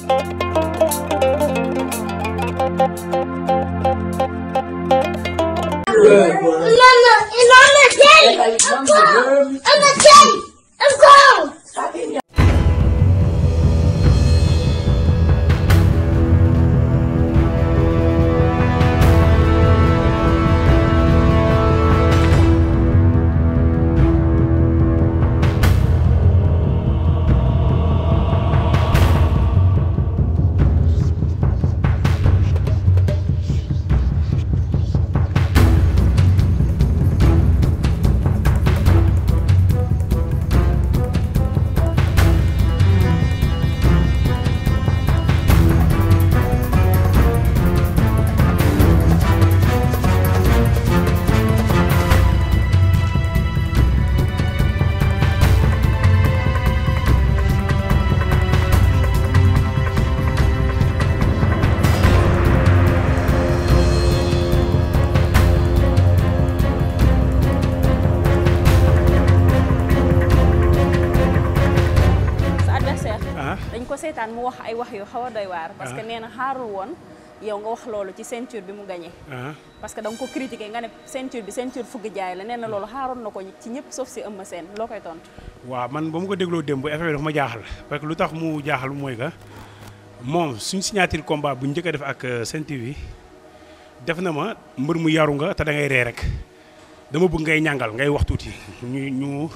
It's it's on the teddy. I'm cold. I'm the teddy. I'm cold. mu wax ay wax yu xawa doy war parce que ah. nee na won yow nga wax lolu ci ceinture bi mu gagné. Ah. parce que dang ko critiquer nga né ceinture bi ceinture fugg jaay la nee lolu loolu nako ci ñëpp sauf ci Eumeu sen lokay tont wa man bamu ko deglo dembu effet bi dafa ma jaaxal parce que lu tax mu jaaxal moy ga mom suñ signature combat bu njëkk def ak euh, Sen TV def na ma mbeur mu yaru nga ta da ngay ré rek dama bëgg ngay ñangal ngay wax tuti ñu ñu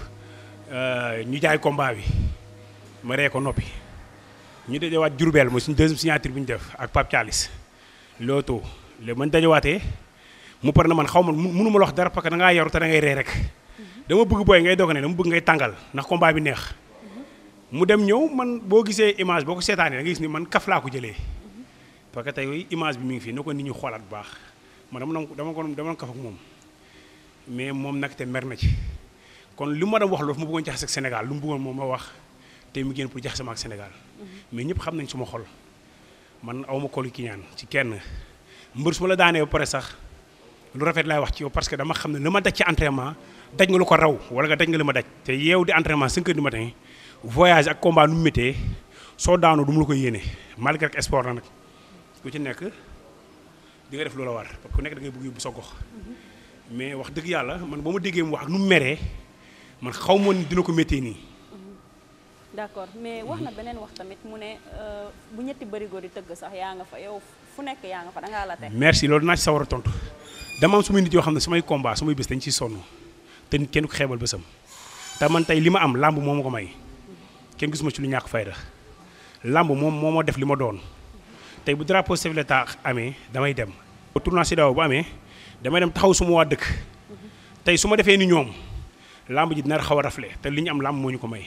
euh, ñu jaay combat bi ma ré ko nopi ñu wat Diourbel mo suñu deuxième signature buñ def ak pap Thialis loto le man waté mu par na man xawma ma ma wax dara pak da ngaa yaru da ngay ré rek mhm. dama bëgg boy ngay dogané dama bëgg ngay tangal nak combat bi neex mhm. mu dem ñew man bo se image boko ko da ngay gis ni man kaf la ko jëlé mhm. parce que tey image bi mi ngi fi nako nit ñu xolat bu baax man dama dama ko dama kaf ak mom mais mom nak té mer na ci kon li ma wax lu mu bëggon ci Sénégal lu mu bëggon wax te mu génn pour jax sama ak Sénégal mais ñëpp xam nañ suma xol man awma kolu ki ñaan ci kenn mbër su ma la daanee ba pare sax lu rafet laay wax ci yow parce que dama xam ne li ma daj ci entraînement daj nga lu ko raw wala nga daj nga li ma daj te yeew di entraînement 5 heures du matin voyage ak combat nu mu soo daanoo du mu ko yéene malgré rek na nag ku ci nekk di nga def loola war ku nekk da ngay bëgg yóbbu sa gox mais wax dëgg yàlla man ba ma déggee mu ak nu mu meree man xaw ma woon dina ko méttee nii d'accord mais wax benen beneen wax tamit mu ne euh, bu ñetti bari goori teug sax ya nga fa yow fu nek ya nga fa da nga la té merci loolu na ci sawara tontu dama am nit yo xamne samay combat samay bëss dañ ci sonu té nit kenn ku xébal bëssam ta man tay lima am lamb momo ma ko may kenn gisuma ci lu ñak fayda lamb mom momo def lima don. doon tay bu drapeau chef l'État damay dem. bu tournoi CEDEAO bu amé damay dem taxaw suma wa dëkk tay suma défé ni ñom lamb ji dina xawa raflé rafle liñ am lamb moñu ko may.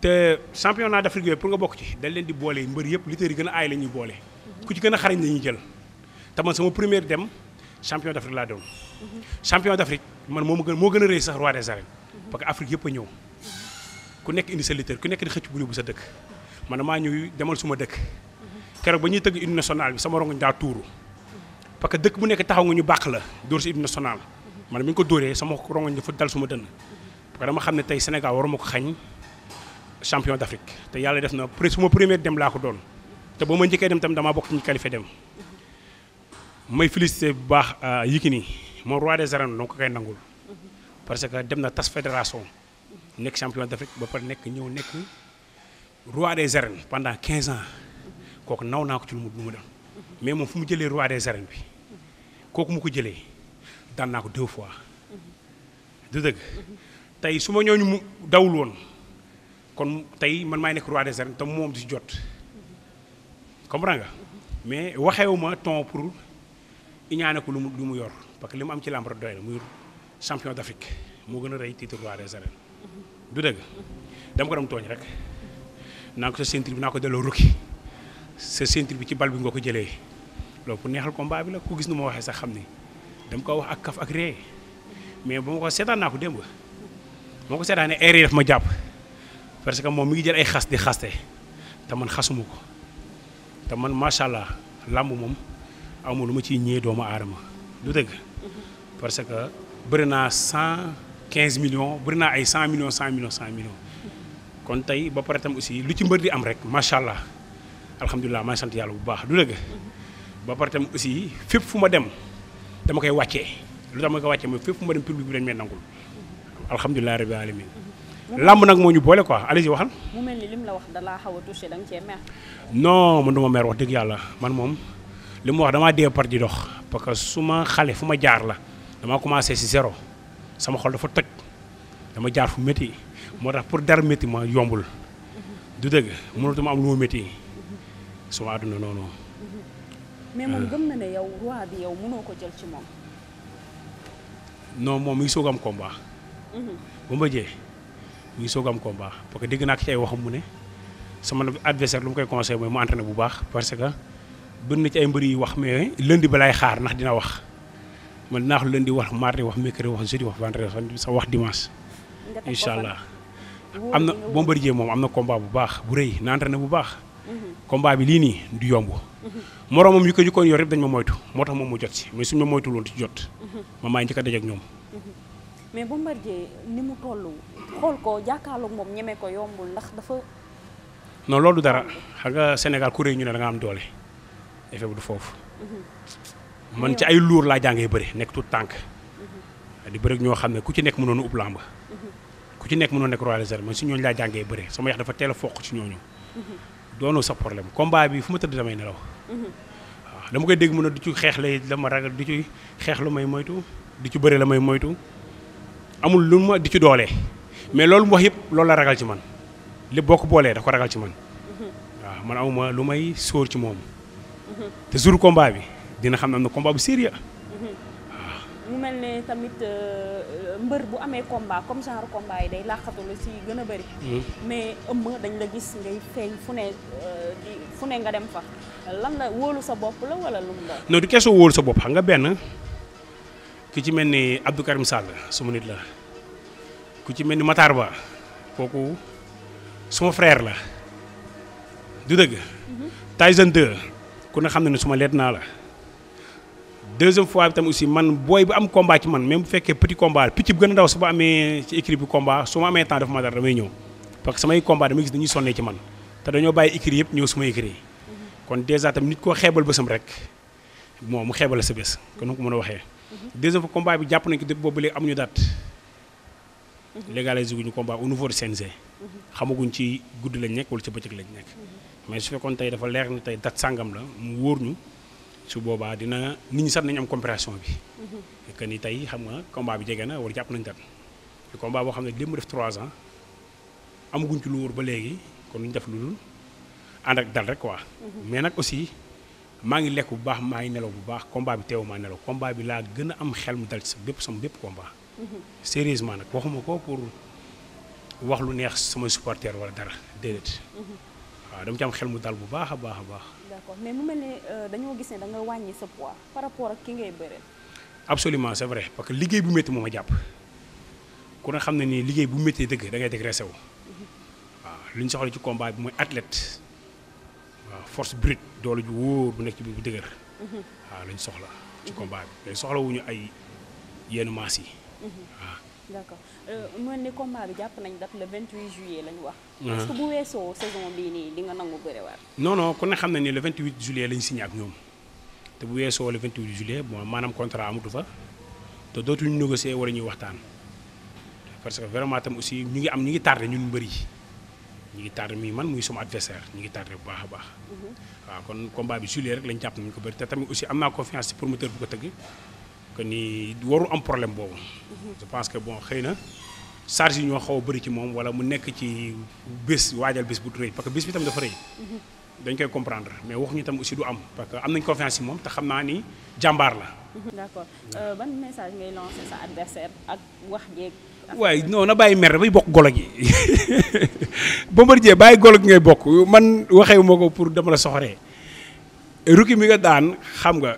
te championnat d'Afrique afrique pour nga bok ci dañ leen di bolé mbeur yépp lutteurs yi gën a aay la ku ci gëna a xarañ la jël te man sama premier dem champion d'Afrique la doon champion d'Afrique man moma gëna mo gëna reuy sax roi des arènes parce que afrique yépp a ñëw ku nekk indi sa lutteur ku nekk di xëc bu bu sa dëkk man ma ñëw demal suma dëkk kérok ba ñuy tëgg une nationale bi sama rongoñ da touru parce que dëkk bu nekk taxaw nga ñu bàq la door ci une nationale man mi ngi ko dooré sama ñu fa dal suma dënn parce que dama xamné tay sénégal waruma ko xagn champion d'Afrique te yalla def na su ma première dem laa ko doon te ba ma njëkkee dem tam dama bokk ñu qualifier dem may félicité bu baax euh, yikini mo roi des arènes donc kay nangul parce que dem na tas fédération nek champion d'Afrique ba pare nek ñëw nek roi des arènes pendant 15 ans Kok naw na ko ci lu mu lu dem mais moom fu mu roi des arènes bi Kok mu ko jëlee dan na ko deux fois du dëgg Tay su ñooñu dawul won kon tay man may nek roi des arènes te mom di jot comprends nga mais waxewuma ton pour iñaane ko lu mu yor parce que limu am ci lambre doyna muy champion d'Afrique mo gëna reuy titre roi des arènes du deug dam ko dam togn rek naa ce centre bi nako delo rookie ce centre bi ci bal bi ngoko jëlé lo pour neexal combat bi la ku gis nu ma waxee sax xamni dam ko wax ak kaf ak ré mais bu ma ko seetaan naa ko démb moo ko erreur ma japp parce que mom mi ngi jël ay xas di xaste te man xasuma ko man macha allah làmb amul luma ma ñé dooma doomu du dëgg parce que bëri 115 millions bëri ay 100 millions 100 millions 100 millions kon tay ba paré tam aussi lu ci mbeur di am rek macha allah alhamdulilah maa ngi sant bu baax du dëgg ba paré tam aussi fep fu ma dem dama koy wàccee lu dama koy wàccee mooy fépp fu ma dem public bi dañ may nangul alhamdulilah alamin làmb nag moo ñu boole ko allez-y waxal. mu mel ni lim wax man du dëgg yàlla man moom li mu wax damaa dee par di dox parce que su ma xale fu ma jaar la dama commencé si zéro sama xol dafa toj dama jaar fu métti moo tax pour dara métti ma yombul. du dëgg mënatuma am lu ma métti suma àdduna noonu. mais moom euh. gëm na ne yow roi bi yow mënoo ko jël ci moom. non moom mi ngi soog am combat. bu ma jee. mu ngi soog am combat parce que dégg naa ci ay waxam mu ne sama adversaire lu mu koy conseillé mooy mu entraîné bu baax parce que bëri na ci ay mbër yi wax mais lënd ba xaar ndax dina wax man dinaa wax lundi wax mardi wax mercredi wax jeudi wax vendredi sa wax dimanche. incha allah am na Bombardier moom am na combat bu baax bu rëy na entraîné bu baax. Mhm. combat bi lii nii du yomb. Mhm. moroomam yu ko yu ko yor yëpp dañ ma moytu moo tax moom mu jot si mais suñu ma moytuwul woon ci jot. Mhm. ma maa njëkk a daje ñoom. mais Bombardier ni mu toll xool ko jàkkaarloog moom ñeme ko yombul ndax dafa. non loolu dara xam nga Sénégal ku réy ñu ne danga am doole effet bu du foofu. Mm-hmm. man ci ay luur laa jàngee bëri nekk tout tànk mm-hmm. di bëri ñoo xam ne ku ci nekk mënoon ub làmb mm-hmm. ku ci nekk mënoon nekk Roi des Arènes man si ñooñ laa jàngee bëri sama yax dafa teel a foq ci ñooñu. doonoo sax problème combat bi fu ma tëdd damay nelaw. dama koy dégg mën a du ci xeex lay dama ragal du ci xeex lu may moytu du ci bëri la may moytu. amul lu ma di ci doole mais loolu mu wax yëpp loolu la ragal ci man li boo ko boolee da ko ragal ci man waaw man amuma lu may sóor ci moom te jour combat bi dina xam ne am na combat bu sérieux mu mel ne tamit euh, euh, mbër bu amee combat comme genre combat yi day laaxatu la ci gën a bëri. Hmm. mais ëmb dañ la gis ngay feeñ fu ne euh, fu ne nga dem fa lan la wóolu sa bopp la wala lum la. non du question wóolu sa bopp xam nga benn ku ci mel ni Abdou Karim Sall suma nit la ku ci mel ni Matar Ba kooku suma frère la du dëgg. Mhm. Tyson 2 ku ne xam na ne suma leet naa la deuxième fois bi tam aussi man booy bu am combat ci man même bu fekkee petit combat picc bu gën a ndaw su ba amee ci écrit bu combat su ma amee temps dafa ma dara damay ñëw parce que samay combat damay gis dañuy sonnee ci man te dañoo bàyyi écrit yëpp ñëw suma écrit mhm. kon dèjà tam nit koo xeebal bésam rek moom mu xeebal sa bés kon ko mën a waxee. deuxième fois combat bi jàpp nañ ko depuis boobu léegi amuñu date. Mhm. légalisé guñu combat au niveau du mhm. xamaguñ ci guddi lañ nekk wala ci bëccëg lañu nekk. Mhm. mais su fekkoon tey dafa leer ni tey date sàngam la mu wóor ñu su boobaa dina nit ñi sax nañu am compréhension bi. que ni tey xam nga combat bi jege na wala jàpp nañ date. te boo xam ne li mu def trois ans amaguñ ci lu wóor ba léegi kon lu def lu dul ànd ak dal rek quoi. mais nag aussi. maa ngi lekk bu baax maa ngi nelaw bu baax combat bi teewu maa nelaw komba bi laa gën a am xel mu dal ci sa bépp sama bépp combat. Mhm. sérieusement nag waxuma ko pour wax lu neex sama supporter wala dara déedéet. Mhm. waaw dama ci am xel mu dal bu baax a baax a baax. mais mu mel ne euh, dañoo gis ne da nga wàññi sa poids par rapport ak ki ngay bëreel. absolument c'est vrai parce que liggéey bu métti moo ma jàpp ku ne xam ne nii liggéey bu métti dëgg dangay ngay dégraissé mhm. wu ñu soxla ci combat bi mooy athlète. waaw force brute doole ju wóor bu nekk ci biir bu dëgër. waaw lañ soxla ci combat bi mais soxlawuñu ay yenn maas yi. waaw d'accord euh, mën uh-huh. weesoo saison bii nii di nga nangu bëriwaat. non non ku ne xam na ni le 28 juillet lañ signé ak ñoom te bu weesoo le 28 juillet bon maanaam contrat amatu fa te dootuñu négocier wala ñuy waxtaan parce que vraiment tam aussi ñu ngi am ñu ngi tardé ñun mbër yi. ñu ngi tardé mii man muy sama adversaire ñu ngi tardé bu baax a baax. waaw kon combat bi juillet rek lañ jàpp nañu ko bëri te tamit aussi am naa confiance ci promoteur bu ko que ni warul am problème boobu. je pense que bon xëy na charge yi ñoo xaw bëri ci moom wala mu nekk ci bés waajal bés bu rëy parce que bés bi tam dafa rëy. dañ koy comprendre mais wax ñu tam aussi du am parce que am nañ confiance ci moom te xam naa ni jàmbaar la. d'accord euh, ban message ngay lancer sa adversaire ak wax jeeg. waaye non na bàyyi mer bay bokk golo gi jee bàyyi golo gi ngay bokk man waxee moo ko pour dama la soxore Rocky mi nga daan xam nga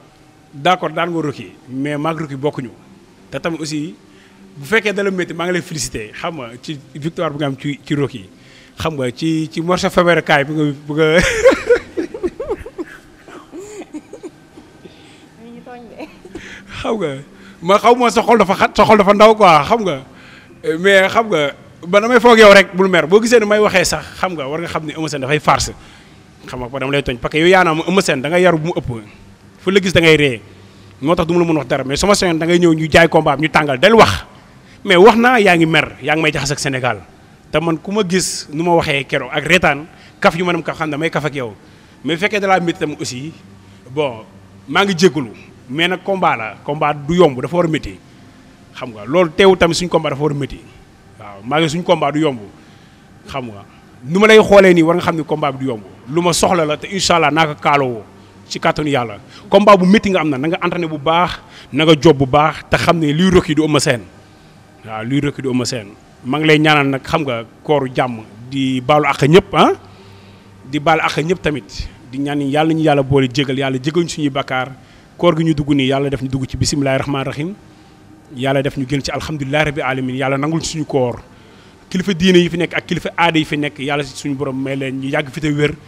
d'accord daan nga Rocky mais maag Rocky bokkuñu te tamit aussi bu fekkee dala métti maa ngi lay félicité xam nga ci victoire bi nga am ci ci Rocky xam nga ci ci morceau faberkaay bi nga bi nga. xam nga ma xaw ma sa xol dafa xat sa xol dafa ndaw quoi xam nga. Eh, mais xam nga ba damay foog yow rek bul mer boo gisee ni may waxee sax xam nga war nga xam ni Eumeu Sène dafay farce xam nga dama lay tooñ parce que da nga bu mu ëpp fu la gis da ngay ree moo tax du ma la mën wax dara mais sama seen da ngay ñëw ñu jaay combat ñu tàngal del wax mais wax naa mer yaa ngi may jaxas ak Sénégal te man ku gis nu ma waxee ak reetaan kaf yu ma dem xam ne may kaf ak yow mais tam aussi bon ngi mais combat la combat du yomb dafa war xam nga loolu teewu tamit suñ combat dafa war métti waaw malgré suñ combat du yomb xam nga nu ma lay xoolee nii war nga xam ni combat bi du yomb lu ma soxla la te incha allah naa ko kaaloo ci kàttanu yàlla combat bu métti nga am na na nga entraîné bu baax na nga job bu baax te xam ne luy rëkki du ëmma seen waaw luy rëkki du ëmma seen ma ngi lay ñaanal nag xam nga koor jàmm di baalu ak ñëpp ah di baal ak ñëpp tamit di ñaan yàlla ñu yàlla boole jégal yàlla jégal ñu suñuy bakkaar koor gi ñu dugg nii yàlla def ñu dugg ci bisimilahi rahmaani rahim yàlla def ñu génn ci alhamdulilah rabbi alamin yàlla nangul suñu koor kilifa diine yi fi nekk ak kilifa aada yi fi nekk yàlla suñu borom may leen ñu yàgg fi te wér